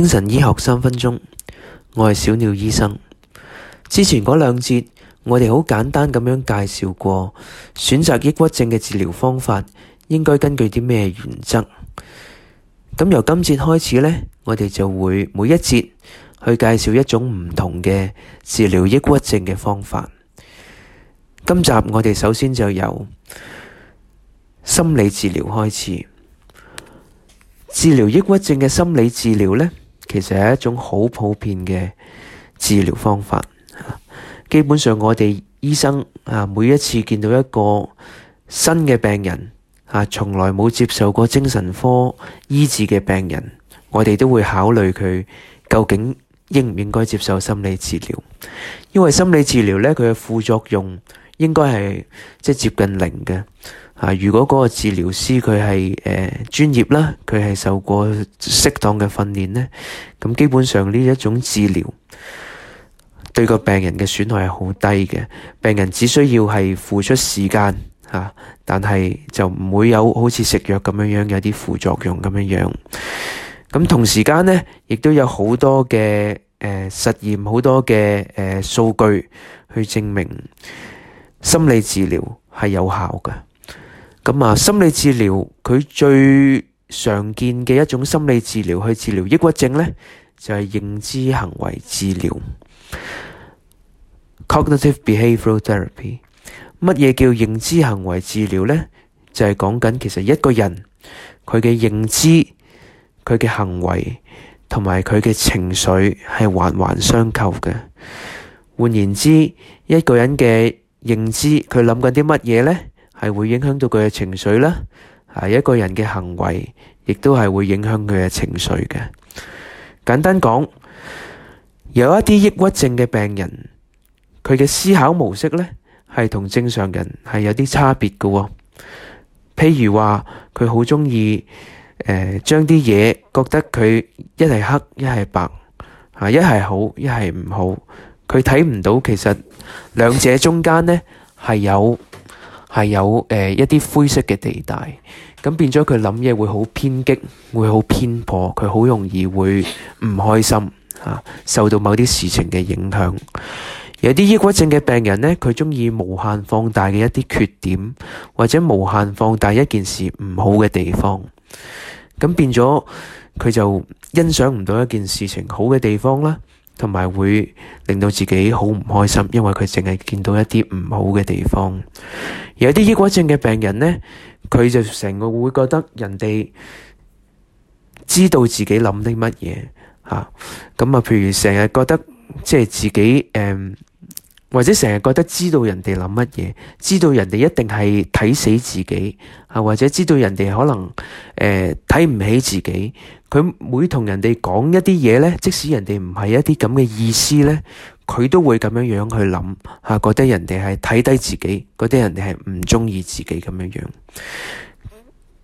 精神醫學三分鐘，我係小鳥醫生。之前嗰兩節，我哋好簡單咁樣介紹過選擇抑鬱症嘅治療方法應該根據啲咩原則。咁由今節開始呢，我哋就會每一節去介紹一種唔同嘅治療抑鬱症嘅方法。今集我哋首先就由心理治療開始，治療抑鬱症嘅心理治療呢。其實係一種好普遍嘅治療方法。基本上，我哋醫生啊，每一次見到一個新嘅病人啊，從來冇接受過精神科醫治嘅病人，我哋都會考慮佢究竟應唔應該接受心理治療。因為心理治療咧，佢嘅副作用應該係即係接近零嘅。啊！如果嗰個治療師佢係誒專業啦，佢係受過適當嘅訓練咧，咁基本上呢一種治療對個病人嘅損害係好低嘅。病人只需要係付出時間吓，但係就唔會有好似食藥咁樣樣有啲副作用咁樣樣。咁同時間咧，亦都有好多嘅誒實驗，好多嘅誒數據去證明心理治療係有效嘅。咁啊，心理治療佢最常見嘅一種心理治療去治療抑鬱症呢，就係認知行為治療 （cognitive behavioral therapy）。乜嘢叫認知行為治療呢？就係講緊其實一個人佢嘅認知、佢嘅行為同埋佢嘅情緒係環環相扣嘅。換言之，一個人嘅認知，佢諗緊啲乜嘢呢？係會影響到佢嘅情緒啦，係一個人嘅行為，亦都係會影響佢嘅情緒嘅。簡單講，有一啲抑鬱症嘅病人，佢嘅思考模式呢，係同正常人係有啲差別嘅。譬如話，佢好鍾意誒將啲嘢覺得佢一係黑一係白，啊，一係好一係唔好，佢睇唔到其實兩者中間呢係有係有誒、呃、一啲灰色嘅地帶，咁變咗佢諗嘢會好偏激，會好偏頗，佢好容易會唔開心吓、啊，受到某啲事情嘅影響。有啲抑鬱症嘅病人咧，佢中意無限放大嘅一啲缺點，或者無限放大一件事唔好嘅地方，咁變咗佢就欣賞唔到一件事情好嘅地方啦。同埋會令到自己好唔開心，因為佢淨係見到一啲唔好嘅地方。有啲抑鬱症嘅病人呢，佢就成個會覺得人哋知道自己諗啲乜嘢嚇。咁啊，譬如成日覺得即係自己誒。嗯或者成日覺得知道人哋諗乜嘢，知道人哋一定係睇死自己，啊，或者知道人哋可能誒睇唔起自己，佢每同人哋講一啲嘢咧，即使人哋唔係一啲咁嘅意思咧，佢都會咁樣樣去諗，吓、啊、覺得人哋係睇低自己，覺得人哋係唔中意自己咁樣樣，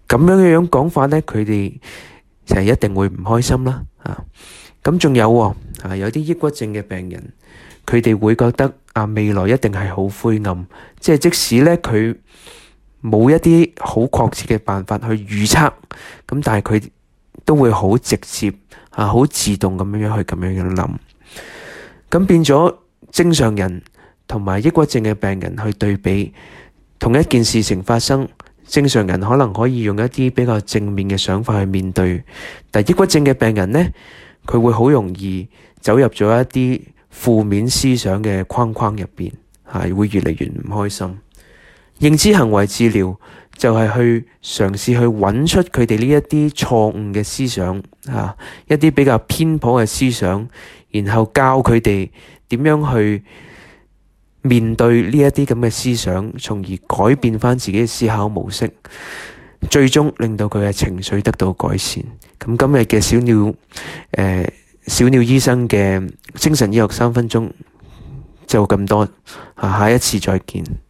咁樣樣講法咧，佢哋就一定會唔開心啦。啊，咁仲有喎、啊，啊有啲抑鬱症嘅病人。佢哋會覺得啊，未來一定係好灰暗。即係即使咧，佢冇一啲好確切嘅辦法去預測，咁但係佢都會好直接啊，好自動咁樣樣去咁樣樣諗。咁變咗正常人同埋抑鬱症嘅病人去對比，同一件事情發生，正常人可能可以用一啲比較正面嘅想法去面對，但係抑鬱症嘅病人咧，佢會好容易走入咗一啲負面思想嘅框框入邊，係會越嚟越唔開心。認知行為治療就係、是、去嘗試去揾出佢哋呢一啲錯誤嘅思想啊，一啲比較偏頗嘅思想，然後教佢哋點樣去面對呢一啲咁嘅思想，從而改變翻自己嘅思考模式，最終令到佢嘅情緒得到改善。咁今日嘅小鳥誒、呃，小鳥醫生嘅。精神醫學三分鐘就咁多，下一次再見。